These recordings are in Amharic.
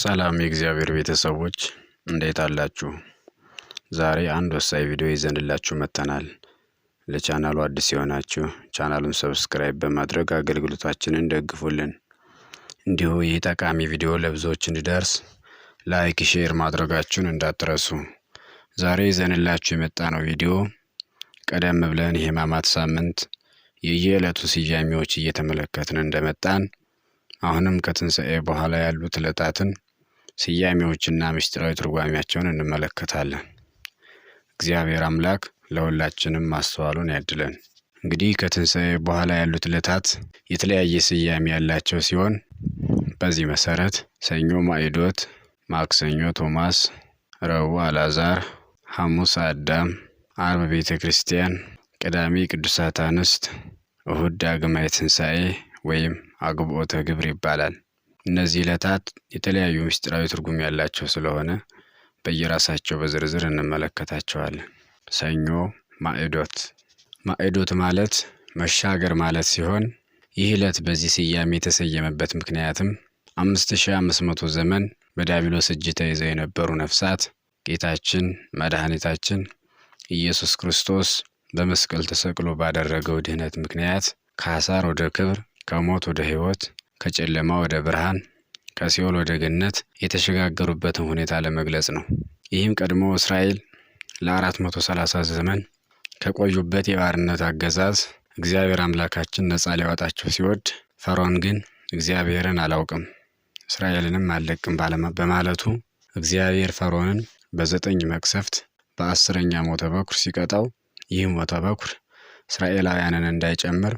ሰላም የእግዚአብሔር ቤተሰቦች እንዴት አላችሁ? ዛሬ አንድ ወሳኝ ቪዲዮ ይዘንላችሁ መጥተናል። ለቻናሉ አዲስ የሆናችሁ ቻናሉን ሰብስክራይብ በማድረግ አገልግሎታችንን ደግፉልን። እንዲሁ ይህ ጠቃሚ ቪዲዮ ለብዙዎች እንዲደርስ ላይክ፣ ሼር ማድረጋችሁን እንዳትረሱ። ዛሬ ይዘንላችሁ የመጣነው ቪዲዮ ቀደም ብለን የሕማማት ሳምንት የየዕለቱ ስያሜዎች እየተመለከትን እንደመጣን አሁንም ከትንሣኤ በኋላ ያሉት ዕለታትን ስያሜዎችና ምስጢራዊ ትርጓሜያቸውን እንመለከታለን። እግዚአብሔር አምላክ ለሁላችንም ማስተዋሉን ያድለን። እንግዲህ ከትንሣኤ በኋላ ያሉት ዕለታት የተለያየ ስያሜ ያላቸው ሲሆን በዚህ መሰረት ሰኞ ማዕዶት፣ ማክሰኞ ቶማስ፣ ረቡዕ አልዓዛር፣ ሐሙስ አዳም፣ አርብ ቤተ ክርስቲያን፣ ቅዳሜ ቅዱሳት አንስት፣ እሁድ ዳግማይ ትንሣኤ ወይም አግብኦተ ግብር ይባላል። እነዚህ ዕለታት የተለያዩ ምስጢራዊ ትርጉም ያላቸው ስለሆነ በየራሳቸው በዝርዝር እንመለከታቸዋለን። ሰኞ ማዕዶት። ማዕዶት ማለት መሻገር ማለት ሲሆን ይህ ዕለት በዚህ ስያሜ የተሰየመበት ምክንያትም 5500 ዘመን በዳቢሎስ እጅ ተይዘው የነበሩ ነፍሳት ጌታችን መድኃኒታችን ኢየሱስ ክርስቶስ በመስቀል ተሰቅሎ ባደረገው ድህነት ምክንያት ከሐሳር ወደ ክብር ከሞት ወደ ሕይወት ከጨለማ ወደ ብርሃን ከሲኦል ወደ ገነት የተሸጋገሩበትን ሁኔታ ለመግለጽ ነው። ይህም ቀድሞ እስራኤል ለ430 ዘመን ከቆዩበት የባርነት አገዛዝ እግዚአብሔር አምላካችን ነፃ ሊያወጣቸው ሲወድ ፈርዖን ግን እግዚአብሔርን አላውቅም እስራኤልንም አልለቅም በማለቱ እግዚአብሔር ፈርዖንን በዘጠኝ መቅሰፍት በአስረኛ ሞተ በኩር ሲቀጣው ይህም ሞተ በኩር እስራኤላውያንን እንዳይጨምር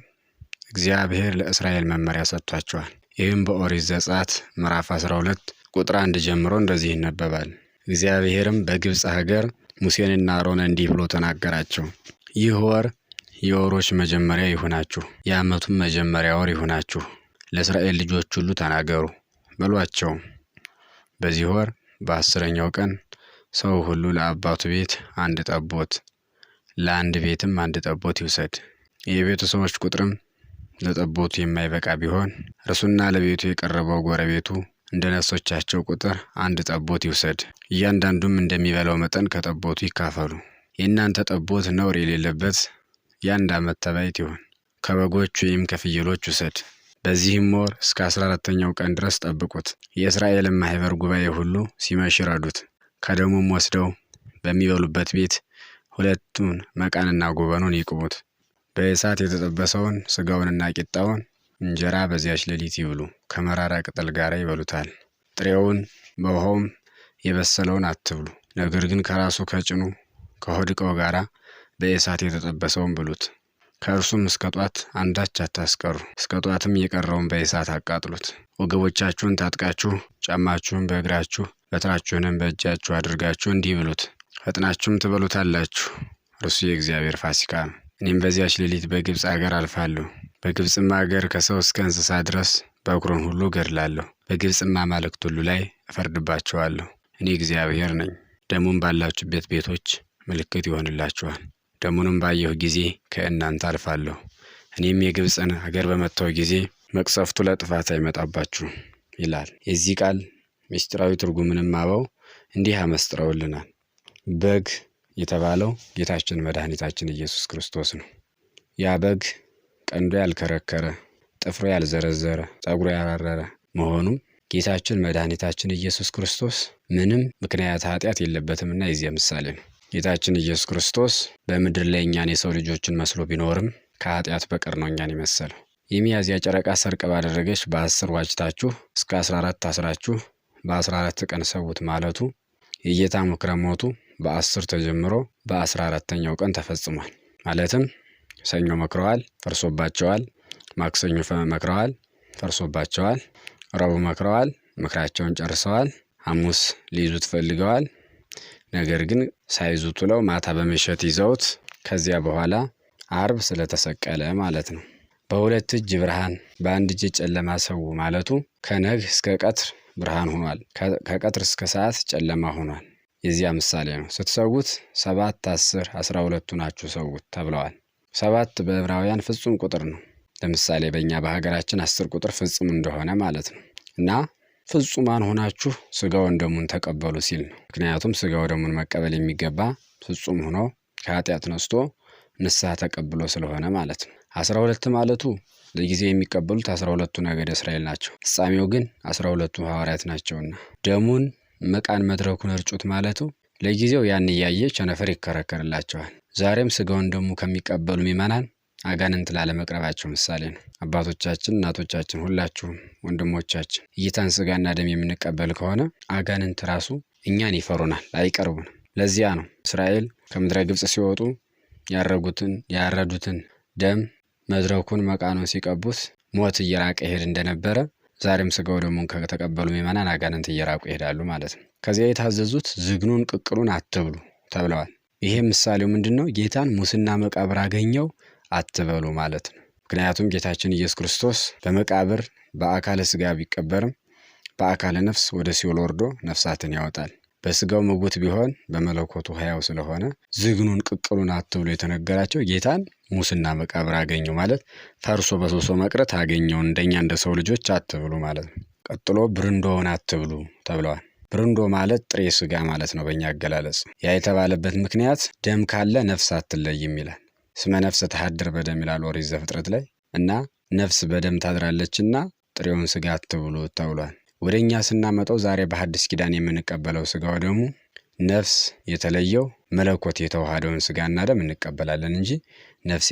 እግዚአብሔር ለእስራኤል መመሪያ ሰጥቷቸዋል። ይህም በኦሪት ዘጸአት ምዕራፍ 12 ቁጥር አንድ ጀምሮ እንደዚህ ይነበባል። እግዚአብሔርም በግብፅ ሀገር ሙሴንና አሮን እንዲህ ብሎ ተናገራቸው። ይህ ወር የወሮች መጀመሪያ ይሁናችሁ፣ የዓመቱም መጀመሪያ ወር ይሁናችሁ። ለእስራኤል ልጆች ሁሉ ተናገሩ በሏቸው። በዚህ ወር በአስረኛው ቀን ሰው ሁሉ ለአባቱ ቤት አንድ ጠቦት፣ ለአንድ ቤትም አንድ ጠቦት ይውሰድ። የቤቱ ሰዎች ቁጥርም ለጠቦቱ የማይበቃ ቢሆን እርሱና ለቤቱ የቀረበው ጎረቤቱ እንደ ነፍሶቻቸው ቁጥር አንድ ጠቦት ይውሰድ፣ እያንዳንዱም እንደሚበላው መጠን ከጠቦቱ ይካፈሉ። የእናንተ ጠቦት ነውር የሌለበት የአንድ ዓመት ተባይት ይሁን፣ ከበጎች ወይም ከፍየሎች ውሰድ። በዚህም ወር እስከ አስራ አራተኛው ቀን ድረስ ጠብቁት። የእስራኤልን ማኅበር ጉባኤ ሁሉ ሲመሽ ረዱት። ከደሙም ወስደው በሚበሉበት ቤት ሁለቱን መቃንና ጎበኑን ይቁሙት። በእሳት የተጠበሰውን ስጋውንና ቂጣውን እንጀራ በዚያች ሌሊት ይብሉ ከመራራ ቅጠል ጋር ይበሉታል። ጥሬውን በውሃውም የበሰለውን አትብሉ። ነገር ግን ከራሱ ከጭኑ ከሆድ ዕቃው ጋራ በእሳት የተጠበሰውን ብሉት። ከእርሱም እስከ ጧት አንዳች አታስቀሩ። እስከ ጧትም የቀረውን በእሳት አቃጥሉት። ወገቦቻችሁን ታጥቃችሁ ጫማችሁን በእግራችሁ በትራችሁንም በእጃችሁ አድርጋችሁ እንዲህ ብሉት። ፈጥናችሁም ትበሉታላችሁ። እርሱ የእግዚአብሔር ፋሲካ ነው። እኔም በዚያች ሌሊት በግብፅ አገር አልፋለሁ። በግብፅም አገር ከሰው እስከ እንስሳ ድረስ በኵርን ሁሉ እገድላለሁ። በግብፅም አማልክት ሁሉ ላይ እፈርድባቸዋለሁ። እኔ እግዚአብሔር ነኝ። ደሙን ባላችሁበት ቤቶች ምልክት ይሆንላችኋል። ደሙንም ባየሁ ጊዜ ከእናንተ አልፋለሁ። እኔም የግብፅን አገር በመታው ጊዜ መቅሰፍቱ ለጥፋት አይመጣባችሁ ይላል። የዚህ ቃል ምስጢራዊ ትርጉምንም አበው እንዲህ አመስጥረውልናል። በግ የተባለው ጌታችን መድኃኒታችን ኢየሱስ ክርስቶስ ነው። ያ በግ ቀንዶ ያልከረከረ፣ ጥፍሮ ያልዘረዘረ፣ ጠጉሮ ያራረረ መሆኑ ጌታችን መድኃኒታችን ኢየሱስ ክርስቶስ ምንም ምክንያት ኃጢአት የለበትምና የዚያ ምሳሌ ነው። ጌታችን ኢየሱስ ክርስቶስ በምድር ላይ እኛን የሰው ልጆችን መስሎ ቢኖርም ከኃጢአት በቀር ነው እኛን የመሰለው። የሚያዝያ ጨረቃ ሰርቅ ባደረገች በአስር ዋጅታችሁ እስከ አስራ አራት አስራችሁ በአስራ አራት ቀን ሰውት ማለቱ የጌታ ምክረ ሞቱ በአስር ተጀምሮ በአስራ አራተኛው ቀን ተፈጽሟል። ማለትም ሰኞ መክረዋል፣ ፈርሶባቸዋል። ማክሰኞ መክረዋል፣ ፈርሶባቸዋል። ረቡዕ መክረዋል፣ ምክራቸውን ጨርሰዋል። ሐሙስ ሊይዙት ፈልገዋል። ነገር ግን ሳይዙት ውለው ማታ በመሸት ይዘውት ከዚያ በኋላ አርብ ስለተሰቀለ ማለት ነው። በሁለት እጅ ብርሃን በአንድ እጅ ጨለማ ሰው ማለቱ ከነግህ እስከ ቀትር ብርሃን ሆኗል። ከቀትር እስከ ሰዓት ጨለማ ሆኗል። የዚያ ምሳሌ ነው። ስትሰዉት ሰባት አስር አስራ ሁለቱ ናችሁ ሰዉት ተብለዋል። ሰባት በዕብራውያን ፍጹም ቁጥር ነው። ለምሳሌ በእኛ በሀገራችን አስር ቁጥር ፍጹም እንደሆነ ማለት ነው እና ፍጹማን ሆናችሁ ስጋውን ደሙን ተቀበሉ ሲል ነው። ምክንያቱም ስጋው ደሙን መቀበል የሚገባ ፍጹም ሆኖ ከኃጢአት ነስቶ ንስሐ ተቀብሎ ስለሆነ ማለት ነው። አስራ ሁለት ማለቱ ለጊዜ የሚቀበሉት አስራ ሁለቱ ነገድ እስራኤል ናቸው። ፍጻሜው ግን አስራ ሁለቱ ሐዋርያት ናቸውና ደሙን መቃን መድረኩን እርጩት ማለቱ ለጊዜው ያን እያየ ቸነፈር ይከረከርላቸዋል። ዛሬም ስጋውን ደግሞ ከሚቀበሉ ምዕመናን አጋንንት ላለመቅረባቸው ምሳሌ ነው። አባቶቻችን፣ እናቶቻችን፣ ሁላችሁም ወንድሞቻችን እይታን ስጋና ደም የምንቀበል ከሆነ አጋንንት ራሱ እኛን ይፈሩናል፣ አይቀርቡንም። ለዚያ ነው እስራኤል ከምድረ ግብፅ ሲወጡ ያረጉትን ያረዱትን ደም መድረኩን መቃኑን ሲቀቡት ሞት እየራቀ ይሄድ እንደነበረ ዛሬም ስጋው ደሙን ከተቀበሉ ምዕመናን አጋንንት እየራቁ ይሄዳሉ ማለት ነው። ከዚያ የታዘዙት ዝግኑን ቅቅሉን አትብሉ ተብለዋል። ይሄ ምሳሌው ምንድን ነው? ጌታን ሙስና መቃብር አገኘው አትበሉ ማለት ነው። ምክንያቱም ጌታችን ኢየሱስ ክርስቶስ በመቃብር በአካለ ስጋ ቢቀበርም በአካለ ነፍስ ወደ ሲኦል ወርዶ ነፍሳትን ያወጣል። በስጋው ምውት ቢሆን በመለኮቱ ሕያው ስለሆነ ዝግኑን ቅቅሉን አትብሎ የተነገራቸው ጌታን ሙስና መቃብር አገኙ ማለት ፈርሶ በሶሶ መቅረት አገኘው እንደኛ እንደ ሰው ልጆች አትብሉ ማለት ነው። ቀጥሎ ብርንዶውን አትብሉ ተብለዋል። ብርንዶ ማለት ጥሬ ስጋ ማለት ነው በእኛ አገላለጽ። ያ የተባለበት ምክንያት ደም ካለ ነፍስ አትለይም ይላል። ስመ ነፍስ ተሃድር በደም ይላል ኦሪት ዘፍጥረት ላይ እና ነፍስ በደም ታድራለችና ጥሬውን ስጋ አትብሉ ተብሏል። ወደ እኛ ስናመጣው ዛሬ በሐዲስ ኪዳን የምንቀበለው ስጋው ደግሞ ነፍስ የተለየው መለኮት የተዋሃደውን ስጋና ደም እንቀበላለን እንጂ ነፍስ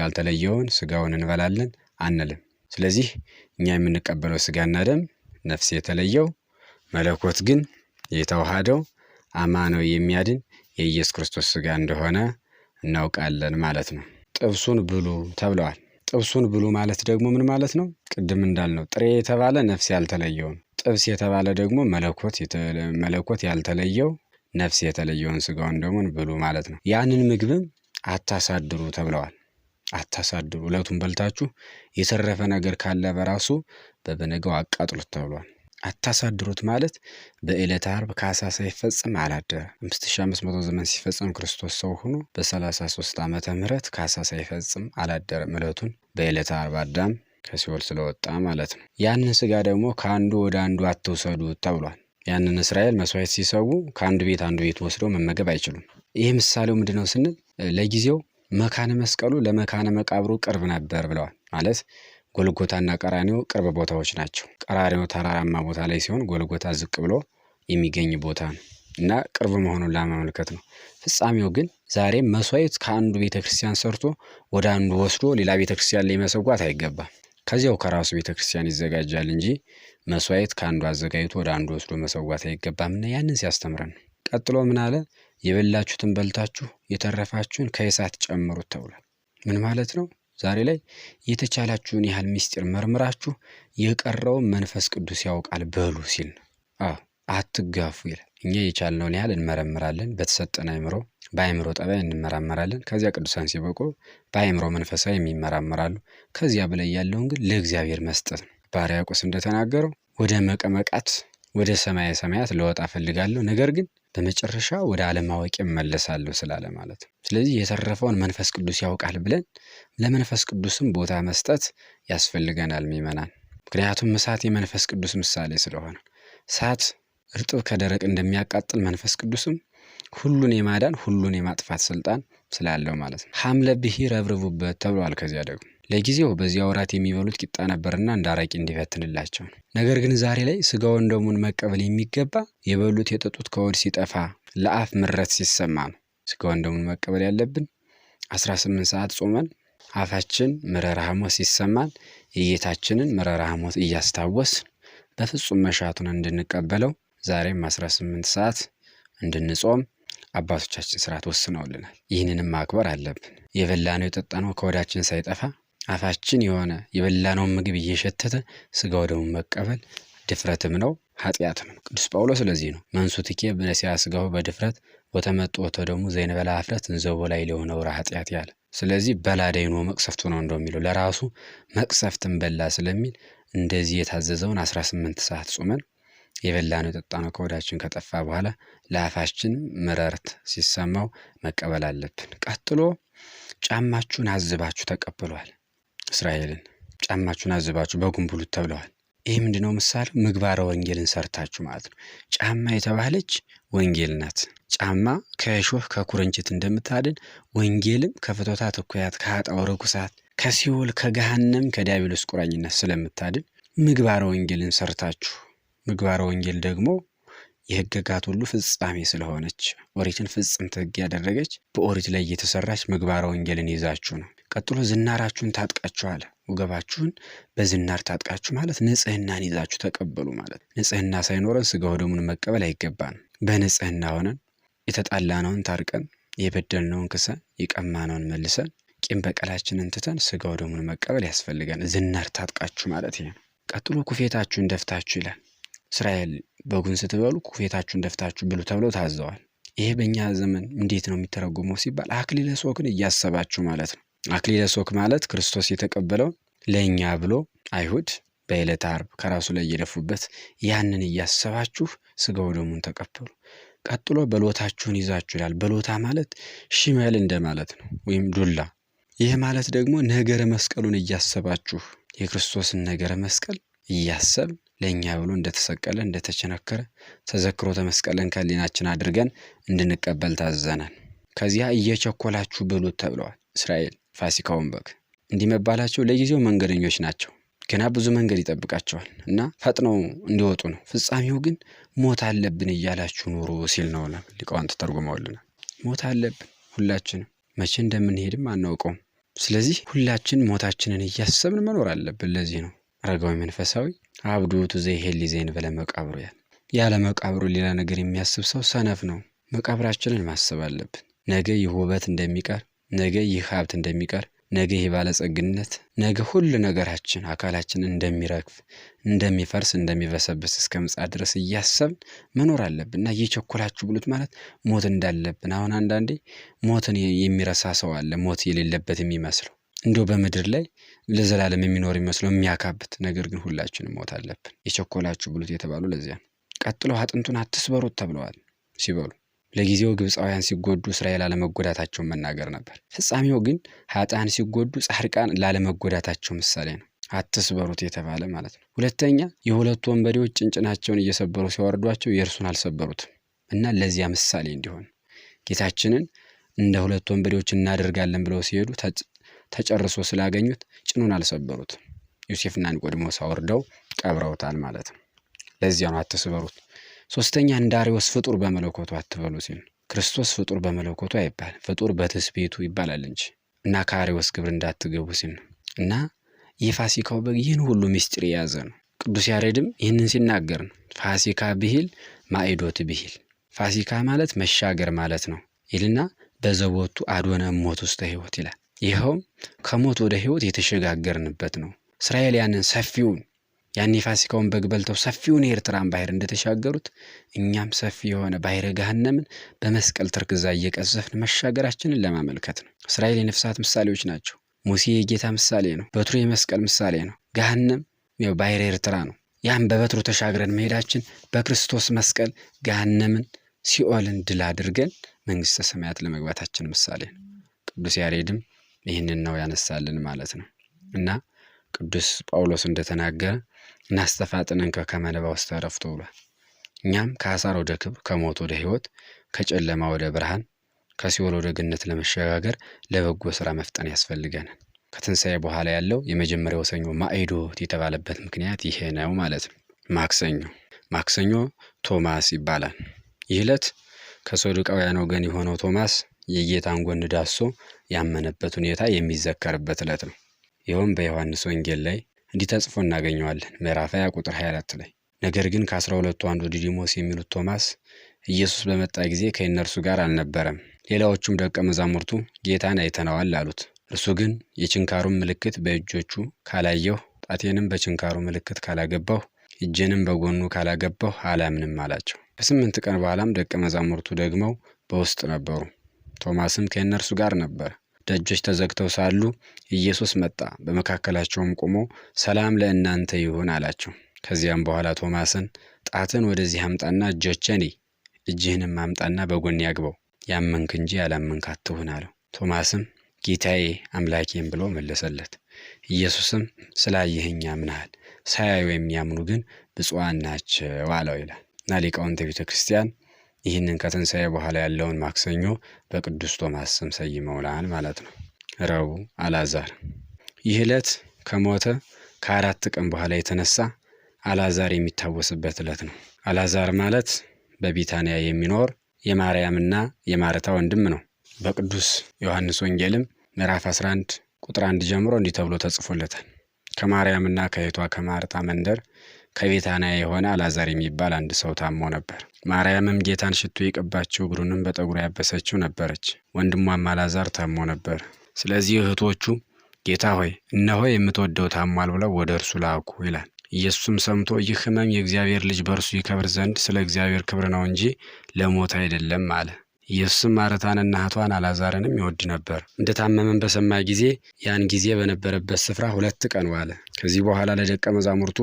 ያልተለየውን ስጋውን እንበላለን አንልም። ስለዚህ እኛ የምንቀበለው ስጋና ደም ነፍስ የተለየው መለኮት ግን የተዋሃደው አማነው የሚያድን የኢየሱስ ክርስቶስ ስጋ እንደሆነ እናውቃለን ማለት ነው። ጥብሱን ብሉ ተብለዋል። ጥብሱን ብሉ ማለት ደግሞ ምን ማለት ነው? ቅድም እንዳልነው ጥሬ የተባለ ነፍስ ያልተለየውን ጥብስ የተባለ ደግሞ መለኮት መለኮት ያልተለየው ነፍስ የተለየውን ስጋውን ደግሞ ብሉ ማለት ነው። ያንን ምግብም አታሳድሩ ተብለዋል። አታሳድሩ እለቱን በልታችሁ የተረፈ ነገር ካለ በራሱ በበነጋው አቃጥሉት ተብሏል። አታሳድሩት ማለት በእለት አርብ ካሳ ሳይፈጽም አላደረ። 5500 ዘመን ሲፈጽም ክርስቶስ ሰው ሆኖ በ33 ዓመተ ምህረት ካሳ ሳይፈጽም አላደረ። ዕለቱን በዕለተ አርብ አዳም ከሲኦል ስለወጣ ማለት ነው። ያንን ስጋ ደግሞ ከአንዱ ወደ አንዱ አትውሰዱ ተብሏል። ያንን እስራኤል መስዋዕት ሲሰዉ ከአንድ ቤት አንዱ ቤት ወስደው መመገብ አይችሉም። ይህ ምሳሌው ምንድን ነው ስንል ለጊዜው መካነ መስቀሉ ለመካነ መቃብሩ ቅርብ ነበር ብለዋል። ማለት ጎልጎታና ቀራኔው ቅርብ ቦታዎች ናቸው። ቀራኔው ተራራማ ቦታ ላይ ሲሆን፣ ጎልጎታ ዝቅ ብሎ የሚገኝ ቦታ ነው እና ቅርብ መሆኑን ለማመልከት ነው። ፍጻሜው ግን ዛሬም መስዋዕት ከአንዱ ቤተ ክርስቲያን ሰርቶ ወደ አንዱ ወስዶ ሌላ ቤተ ክርስቲያን ላይ መሰጓት አይገባም። ከዚያው ከራሱ ቤተ ክርስቲያን ይዘጋጃል እንጂ መስዋዕት ከአንዱ አዘጋጅቶ ወደ አንዱ ወስዶ መሰዋት አይገባምና ያንን ሲያስተምረን ቀጥሎ ምን አለ? የበላችሁትን በልታችሁ የተረፋችሁን ከእሳት ጨምሩት ተብሏል። ምን ማለት ነው? ዛሬ ላይ የተቻላችሁን ያህል ምስጢር መርምራችሁ የቀረውን መንፈስ ቅዱስ ያውቃል በሉ ሲል ነው። አትጋፉ ይላል። እኛ የቻልነውን ያህል እንመረምራለን በተሰጠን አይምሮ በአይምሮ ጠባይ እንመራመራለን ከዚያ ቅዱሳን ሲበቁ በአይምሮ መንፈሳዊ የሚመራመራሉ። ከዚያ በላይ ያለውን ግን ለእግዚአብሔር መስጠት ነው። ባርያቆስ እንደተናገረው ወደ መቀመቃት ወደ ሰማየ ሰማያት ለወጣ ፈልጋለሁ፣ ነገር ግን በመጨረሻ ወደ አለማወቅ እመለሳለሁ ስላለ ማለት ነው። ስለዚህ የተረፈውን መንፈስ ቅዱስ ያውቃል ብለን ለመንፈስ ቅዱስም ቦታ መስጠት ያስፈልገናል ሚመናን ምክንያቱም እሳት የመንፈስ ቅዱስ ምሳሌ ስለሆነ እሳት እርጥብ ከደረቅ እንደሚያቃጥል መንፈስ ቅዱስም ሁሉን የማዳን ሁሉን የማጥፋት ስልጣን ስላለው ማለት ነው። ሐምለ ብሂ ረብርቡበት ተብሏል። ከዚያ ደግሞ ለጊዜው በዚያ ወራት የሚበሉት ቂጣ ነበርና እንደ እንዲፈትንላቸው ነው። ነገር ግን ዛሬ ላይ ስጋውን ደሙን መቀበል የሚገባ የበሉት የጠጡት ከወድ ሲጠፋ ለአፍ ምረት ሲሰማ ነው። ስጋውን ደሙን መቀበል ያለብን 18 ሰዓት ጾመን አፋችን ምረራ ሐሞት ሲሰማን የጌታችንን ምረራሞ ሐሞት እያስታወስን በፍጹም መሻቱን እንድንቀበለው ዛሬም 18 ሰዓት እንድንጾም አባቶቻችን ስርዓት ወስነውልናል። ይህንንም ማክበር አለብን። የበላነው የጠጣነው ከወዳችን ሳይጠፋ አፋችን የሆነ የበላነውን ምግብ እየሸተተ ስጋ ወደሙን መቀበል ድፍረትም ነው ኃጢአትም ነው። ቅዱስ ጳውሎስ ስለዚህ ነው መንሱ ትኬ ብነሲያ ስጋው በድፍረት ወተመጡ ወተ ደግሞ ዘይንበላ ኀፍረት እንዘቦ ላይ ለሆነ ውራ ኃጢአት ያለ ስለዚህ በላዳይኖ መቅሰፍቱ ነው እንደሚለው ለራሱ መቅሰፍትን በላ ስለሚል እንደዚህ የታዘዘውን 18 ሰዓት ጾመን የበላነው ነው ከወዳችን ከጠፋ በኋላ ለአፋችን ምረርት ሲሰማው መቀበል አለብን። ቀጥሎ ጫማችሁን አዝባችሁ ተቀብሏል። እስራኤልን ጫማችሁን አዝባችሁ በጉንብሉት ተብለዋል። ይህ ምንድነው? ምሳሌ ምግባረ ወንጌልን ሰርታችሁ ማለት ነው። ጫማ የተባለች ወንጌል ናት። ጫማ ከእሾህ ከኩርንችት እንደምታድን ወንጌልም ከፍቶታ ትኩያት ከአጣው ርኩሳት ከሲኦል ከገሃነም ከዲያብሎስ ቁራኝነት ስለምታድን ምግባረ ወንጌልን ሰርታችሁ ምግባረ ወንጌል ደግሞ የህግጋት ሁሉ ፍጻሜ ስለሆነች ኦሪትን ፍጽምት ህግ ያደረገች በኦሪት ላይ የተሰራች ምግባረ ወንጌልን ይዛችሁ ነው። ቀጥሎ ዝናራችሁን ታጥቃችሁ አለ። ወገባችሁን በዝናር ታጥቃችሁ ማለት ንጽህናን ይዛችሁ ተቀበሉ ማለት። ንጽህና ሳይኖረን ስጋ ወደሙን መቀበል አይገባን። በንጽህና ሆነን የተጣላነውን ታርቀን የበደልነውን ክሰን የቀማነውን መልሰን ቂም በቀላችንን ትተን ስጋ ወደሙን መቀበል ያስፈልጋል። ዝናር ታጥቃችሁ ማለት ይሄ ነው። ቀጥሎ ኩፌታችሁን ደፍታችሁ ይላል። እስራኤል በጉን ስትበሉ ኩፌታችሁን ደፍታችሁ ብሉ ተብለው ታዘዋል። ይሄ በእኛ ዘመን እንዴት ነው የሚተረጎመው ሲባል አክሊለ ሦክን እያሰባችሁ ማለት ነው። አክሊለ ሦክ ማለት ክርስቶስ የተቀበለው ለእኛ ብሎ አይሁድ በዕለተ ዓርብ ከራሱ ላይ እየደፉበት ያንን እያሰባችሁ ስጋው ደሙን ተቀበሉ። ቀጥሎ በሎታችሁን ይዛችሁ ይላል። በሎታ ማለት ሽመል እንደማለት ነው፣ ወይም ዱላ። ይህ ማለት ደግሞ ነገረ መስቀሉን እያሰባችሁ የክርስቶስን ነገረ መስቀል እያሰብን ለእኛ ብሎ እንደተሰቀለ እንደተቸነከረ ተዘክሮ ተመስቀለን ከሊናችን አድርገን እንድንቀበል ታዘናል። ከዚያ እየቸኮላችሁ ብሉት ተብለዋል። እስራኤል ፋሲካውን በግ እንዲህ መባላቸው ለጊዜው መንገደኞች ናቸው፣ ገና ብዙ መንገድ ይጠብቃቸዋል እና ፈጥነው እንዲወጡ ነው። ፍጻሜው ግን ሞት አለብን እያላችሁ ኑሩ ሲል ነው ሊቃውንት ተርጉመውልናል። ሞት አለብን ሁላችንም፣ መቼ እንደምንሄድም አናውቀውም። ስለዚህ ሁላችን ሞታችንን እያሰብን መኖር አለብን። ለዚህ ነው አረጋዊ መንፈሳዊ አብዶቱ ዘይሄሊ ዘይን በለ መቃብሩ ያል ያለ መቃብሩ ሌላ ነገር የሚያስብ ሰው ሰነፍ ነው። መቃብራችንን ማሰብ አለብን። ነገ ይህ ውበት እንደሚቀር፣ ነገ ይህ ሀብት እንደሚቀር፣ ነገ ይህ ባለጸግነት፣ ነገ ሁሉ ነገራችን አካላችን እንደሚረግፍ፣ እንደሚፈርስ፣ እንደሚበሰብስ እስከ ምጽአት ድረስ እያሰብን መኖር አለብን እና እየቸኮላችሁ ብሉት ማለት ሞት እንዳለብን። አሁን አንዳንዴ ሞትን የሚረሳ ሰው አለ ሞት የሌለበት የሚመስለው እንደው በምድር ላይ ለዘላለም የሚኖር የሚመስለው የሚያካብት ነገር ግን ሁላችንም ሞት አለብን። የቸኮላችሁ ብሉት የተባሉ ለዚያ ነው። ቀጥለው አጥንቱን አትስበሩት ተብለዋል። ሲበሉ ለጊዜው ግብፃውያን ሲጎዱ እስራኤል አለመጎዳታቸውን መናገር ነበር። ፍጻሜው ግን ኃጥአን ሲጎዱ ጻድቃን ላለመጎዳታቸው ምሳሌ ነው። አትስበሩት የተባለ ማለት ነው። ሁለተኛ የሁለቱ ወንበዴዎች ጭንጭናቸውን እየሰበሩ ሲያወርዷቸው የእርሱን አልሰበሩትም እና ለዚያ ምሳሌ እንዲሆን ጌታችንን እንደ ሁለቱ ወንበዴዎች እናደርጋለን ብለው ሲሄዱ ተጨርሶ ስላገኙት ጭኑን አልሰበሩት። ዮሴፍና ኒቆዲሞስ አውርደው ቀብረውታል ማለት ነው። ለዚያ ነው አትስበሩት። ሶስተኛ እንዳሪዎስ ፍጡር በመለኮቱ አትበሉ ሲል ክርስቶስ ፍጡር በመለኮቱ አይባል ፍጡር በትስቤቱ ይባላል እንጂ እና ከአሪዎስ ግብር እንዳትገቡ ሲል ነው። እና የፋሲካው በግ ይህን ሁሉ ምስጢር የያዘ ነው። ቅዱስ ያሬድም ይህንን ሲናገር ነው ፋሲካ ብሂል ማዕዶት ብሂል ፋሲካ ማለት መሻገር ማለት ነው ይልና በዘቦቱ አዶነ ሞት ውስተ ህይወት ይላል። ይኸውም ከሞት ወደ ህይወት የተሸጋገርንበት ነው። እስራኤልያንን ሰፊውን ያን የፋሲካውን በግ በልተው ሰፊውን የኤርትራን ባህር እንደተሻገሩት እኛም ሰፊ የሆነ ባህረ ገሃነምን በመስቀል ትርክዛ እየቀዘፍን መሻገራችንን ለማመልከት ነው። እስራኤል የነፍሳት ምሳሌዎች ናቸው። ሙሴ የጌታ ምሳሌ ነው። በትሩ የመስቀል ምሳሌ ነው። ገሃነም ባህረ ኤርትራ ነው። ያም በበትሩ ተሻግረን መሄዳችን በክርስቶስ መስቀል ገሃነምን ሲኦልን ድል አድርገን መንግስተ ሰማያት ለመግባታችን ምሳሌ ነው። ቅዱስ ያሬድም ይህንን ነው ያነሳልን ማለት ነው። እና ቅዱስ ጳውሎስ እንደተናገረ እናስተፋጥነን ከመነባ ውስጥ ተረፍቶ ብሏል። እኛም ከሐሳር ወደ ክብር፣ ከሞት ወደ ህይወት ከጨለማ ወደ ብርሃን፣ ከሲኦል ወደ ገነት ለመሸጋገር ለበጎ ሥራ መፍጠን ያስፈልገናል። ከትንሣኤ በኋላ ያለው የመጀመሪያው ሰኞ ማዕዶት የተባለበት ምክንያት ይሄ ነው ማለት ነው። ማክሰኞ ማክሰኞ ቶማስ ይባላል። ይህ ዕለት ከሰዱቃውያን ወገን የሆነው ቶማስ የጌታን ጎን ዳሶ ያመነበት ሁኔታ የሚዘከርበት ዕለት ነው። ይኸውም በዮሐንስ ወንጌል ላይ እንዲህ ተጽፎ እናገኘዋለን። ምዕራፍ 20 ቁጥር 24 ላይ ነገር ግን ከአስራ ሁለቱ አንዱ ዲዲሞስ የሚሉት ቶማስ ኢየሱስ በመጣ ጊዜ ከእነርሱ ጋር አልነበረም። ሌላዎቹም ደቀ መዛሙርቱ ጌታን አይተነዋል አሉት። እርሱ ግን የችንካሩን ምልክት በእጆቹ ካላየሁ፣ ጣቴንም በችንካሩ ምልክት ካላገባሁ፣ እጄንም በጎኑ ካላገባሁ አላምንም አላቸው። ከስምንት ቀን በኋላም ደቀ መዛሙርቱ ደግመው በውስጥ ነበሩ። ቶማስም ከእነርሱ ጋር ነበር። ደጆች ተዘግተው ሳሉ ኢየሱስ መጣ፣ በመካከላቸውም ቆሞ ሰላም ለእናንተ ይሁን አላቸው። ከዚያም በኋላ ቶማስን ጣትን ወደዚህ አምጣና እጆቼን እይ፣ እጅህንም አምጣና በጎን ያግበው ያመንክ እንጂ ያላመንክ አትሁን አለው። ቶማስም ጌታዬ አምላኬም ብሎ መለሰለት። ኢየሱስም ስላየህኝ ያምንሃል፣ ሳያዩ የሚያምኑ ግን ብፁዓን ናቸው አለው ይላል እና ሊቃውንተ ቤተ ክርስቲያን ይህንን ከትንሣኤ በኋላ ያለውን ማክሰኞ በቅዱስ ቶማስ ስም ሰይመውላል ማለት ነው። ረቡዕ አላዛር፣ ይህ ዕለት ከሞተ ከአራት ቀን በኋላ የተነሳ አላዛር የሚታወስበት ዕለት ነው። አላዛር ማለት በቢታንያ የሚኖር የማርያምና የማርታ ወንድም ነው። በቅዱስ ዮሐንስ ወንጌልም ምዕራፍ 11 ቁጥር 1 ጀምሮ እንዲህ ተብሎ ተጽፎለታል። ከማርያምና ከእህቷ ከማርታ መንደር ከቤታና የሆነ አላዛር የሚባል አንድ ሰው ታሞ ነበር። ማርያምም ጌታን ሽቱ የቀባችው እግሩንም በጠጉር ያበሰችው ነበረች። ወንድሟም አላዛር ታሞ ነበር። ስለዚህ እህቶቹ ጌታ ሆይ እነሆ የምትወደው ታሟል ብለው ወደ እርሱ ላኩ ይላል። ኢየሱስም ሰምቶ ይህ ሕመም የእግዚአብሔር ልጅ በእርሱ ይከብር ዘንድ ስለ እግዚአብሔር ክብር ነው እንጂ ለሞት አይደለም አለ። ኢየሱስም ማረታንና እህቷን አላዛረንም ይወድ ነበር። እንደታመመን በሰማ ጊዜ ያን ጊዜ በነበረበት ስፍራ ሁለት ቀን ዋለ። ከዚህ በኋላ ለደቀ መዛሙርቱ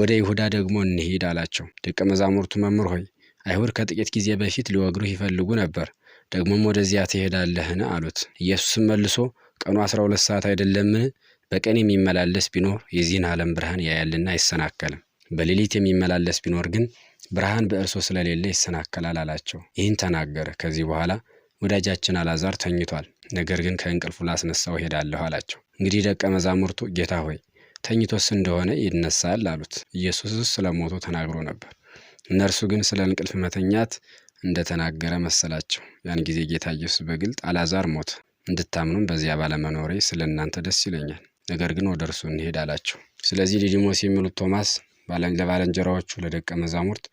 ወደ ይሁዳ ደግሞ እንሂድ አላቸው። ደቀ መዛሙርቱ መምህር ሆይ አይሁድ ከጥቂት ጊዜ በፊት ሊወግሩህ ይፈልጉ ነበር፣ ደግሞም ወደዚያ ትሄዳለህን አሉት። ኢየሱስም መልሶ ቀኑ አስራ ሁለት ሰዓት አይደለምን? በቀን የሚመላለስ ቢኖር የዚህን ዓለም ብርሃን ያያልና አይሰናከልም። በሌሊት የሚመላለስ ቢኖር ግን ብርሃን በእርሶ ስለሌለ ይሰናከላል አላቸው። ይህን ተናገረ። ከዚህ በኋላ ወዳጃችን አላዛር ተኝቷል፣ ነገር ግን ከእንቅልፉ ላስነሳው ሄዳለሁ አላቸው። እንግዲህ ደቀ መዛሙርቱ ጌታ ሆይ ተኝቶስ እንደሆነ ይነሳል አሉት። ኢየሱስ ስለ ሞቱ ተናግሮ ነበር። እነርሱ ግን ስለ እንቅልፍ መተኛት እንደተናገረ መሰላቸው። ያን ጊዜ ጌታ ኢየሱስ በግልጥ አላዛር ሞተ፣ እንድታምኑም በዚያ ባለመኖሬ ስለ እናንተ ደስ ይለኛል፣ ነገር ግን ወደ እርሱ እንሄድ አላቸው። ስለዚህ ዲዲሞስ የሚሉት ቶማስ ለባለንጀራዎቹ ለደቀ መዛሙርት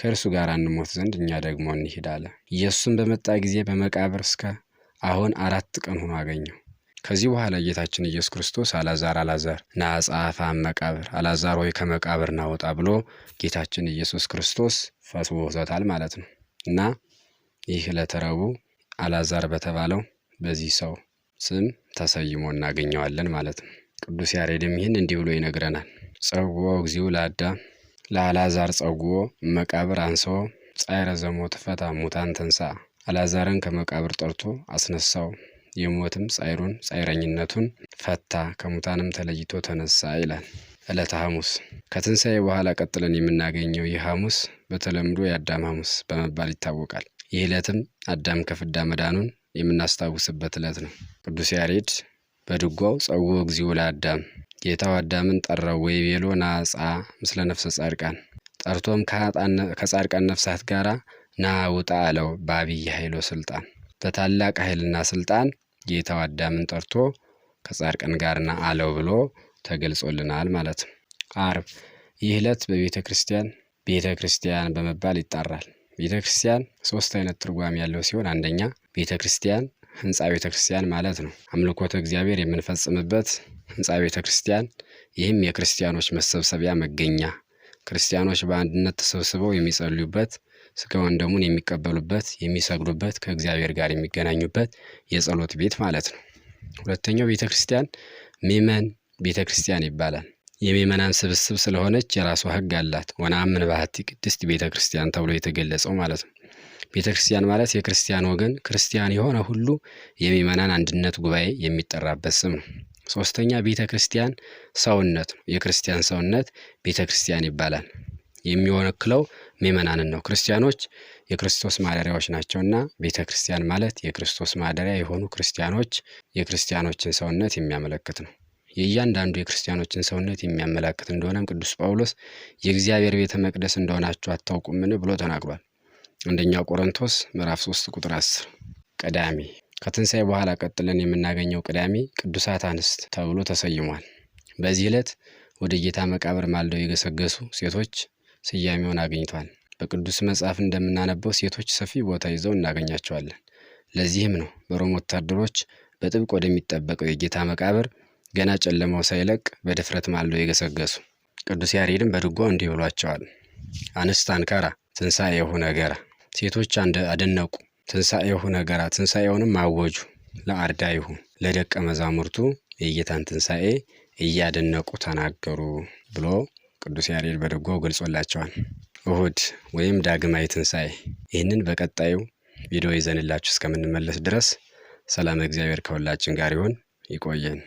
ከእርሱ ጋር እንሞት ዘንድ እኛ ደግሞ እንሂድ አለ። ኢየሱስም በመጣ ጊዜ በመቃብር እስከ አሁን አራት ቀን ሆኖ አገኘው። ከዚህ በኋላ ጌታችን ኢየሱስ ክርስቶስ አላዛር አላዛር ና መቃብር፣ አላዛር ሆይ ከመቃብር ናወጣ ብሎ ጌታችን ኢየሱስ ክርስቶስ ፈትቦታል ማለት ነው እና ይህ ለተረቡ አላዛር በተባለው በዚህ ሰው ስም ተሰይሞ እናገኘዋለን ማለት ነው። ቅዱስ ያሬድም ይህን እንዲህ ብሎ ይነግረናል። ጸውዖ እግዚኡ ለአዳም ለአልዓዛር ጸውዖ መቃብር አንስኦ ጻዕረ ዘሞት ፈታ ሙታን ተንሳ አልዓዛርን ከመቃብር ጠርቶ አስነሳው። የሞትም ፀይሩን ጻይረኝነቱን ፈታ ከሙታንም ተለይቶ ተነሳ ይላል። ዕለተ ሐሙስ ከትንሣኤ በኋላ ቀጥለን የምናገኘው ይህ ሐሙስ በተለምዶ የአዳም ሐሙስ በመባል ይታወቃል። ይህ ዕለትም አዳም ከፍዳ መዳኑን የምናስታውስበት ዕለት ነው። ቅዱስ ያሬድ በድጓው ጸውዖ እግዚኦ ለአዳም ጌታው አዳምን ጠራው ወይቤሎ ናጻ ምስለ ነፍሰ ጻድቃን ጠርቶም ከጻድቃን ነፍሳት ጋራ ና ውጣ አለው። በአብይ ኃይሎ ስልጣን በታላቅ ኃይልና ስልጣን ጌታው አዳምን ጠርቶ ከጻድቃን ጋር ና አለው ብሎ ተገልጾልናል ማለት ነው። አርብ ይህ ዕለት በቤተ ክርስቲያን ቤተ ክርስቲያን በመባል ይጠራል። ቤተ ክርስቲያን ሶስት አይነት ትርጓም ያለው ሲሆን አንደኛ ቤተ ክርስቲያን ህንፃ ቤተ ክርስቲያን ማለት ነው። አምልኮተ እግዚአብሔር የምንፈጽምበት ህንፃ ቤተ ክርስቲያን ይህም የክርስቲያኖች መሰብሰቢያ መገኛ ክርስቲያኖች በአንድነት ተሰብስበው የሚጸልዩበት ስጋ ወንደሙን የሚቀበሉበት የሚሰግዱበት ከእግዚአብሔር ጋር የሚገናኙበት የጸሎት ቤት ማለት ነው። ሁለተኛው ቤተ ክርስቲያን ምእመን ቤተ ክርስቲያን ይባላል። የምእመናን ስብስብ ስለሆነች የራሷ ህግ አላት። ወነአምን ባህቲ ቅድስት ቤተ ክርስቲያን ተብሎ የተገለጸው ማለት ነው። ቤተ ክርስቲያን ማለት የክርስቲያን ወገን ክርስቲያን የሆነ ሁሉ የምእመናን አንድነት ጉባኤ የሚጠራበት ስም ነው። ሶስተኛ ቤተ ክርስቲያን ሰውነት ነው። የክርስቲያን ሰውነት ቤተ ክርስቲያን ይባላል። የሚወነክለው ምእመናንን ነው። ክርስቲያኖች የክርስቶስ ማደሪያዎች ናቸውና ቤተ ክርስቲያን ማለት የክርስቶስ ማደሪያ የሆኑ ክርስቲያኖች የክርስቲያኖችን ሰውነት የሚያመለክት ነው። የእያንዳንዱ የክርስቲያኖችን ሰውነት የሚያመላክት እንደሆነም ቅዱስ ጳውሎስ የእግዚአብሔር ቤተ መቅደስ እንደሆናችሁ አታውቁምን ብሎ ተናግሯል። አንደኛው ቆሮንቶስ ምዕራፍ 3 ቁጥር 10 ቀዳሜ ከትንሣኤ በኋላ ቀጥለን የምናገኘው ቅዳሜ ቅዱሳት አንስት ተብሎ ተሰይሟል። በዚህ ዕለት ወደ ጌታ መቃብር ማልደው የገሰገሱ ሴቶች ስያሜውን አግኝቷል። በቅዱስ መጽሐፍ እንደምናነበው ሴቶች ሰፊ ቦታ ይዘው እናገኛቸዋለን። ለዚህም ነው በሮም ወታደሮች በጥብቅ ወደሚጠበቀው የጌታ መቃብር ገና ጨለማው ሳይለቅ በድፍረት ማልደው የገሰገሱ። ቅዱስ ያሬድም በድጓ እንዲህ ብሏቸዋል። አንስት አንካራ ትንሣኤሁ ነገራ፣ ሴቶች አደነቁ ትንሣኤሁ ነገራ ትንሣኤውንም አወጁ ለአርዳይሁ ለደቀ መዛሙርቱ የጌታን ትንሣኤ እያደነቁ ተናገሩ ብሎ ቅዱስ ያሬድ በደጎ ገልጾላቸዋል። እሁድ ወይም ዳግማዊ ትንሣኤ። ይህንን በቀጣዩ ቪዲዮ ይዘንላችሁ እስከምንመለስ ድረስ ሰላም እግዚአብሔር ከሁላችን ጋር ይሆን። ይቆየን።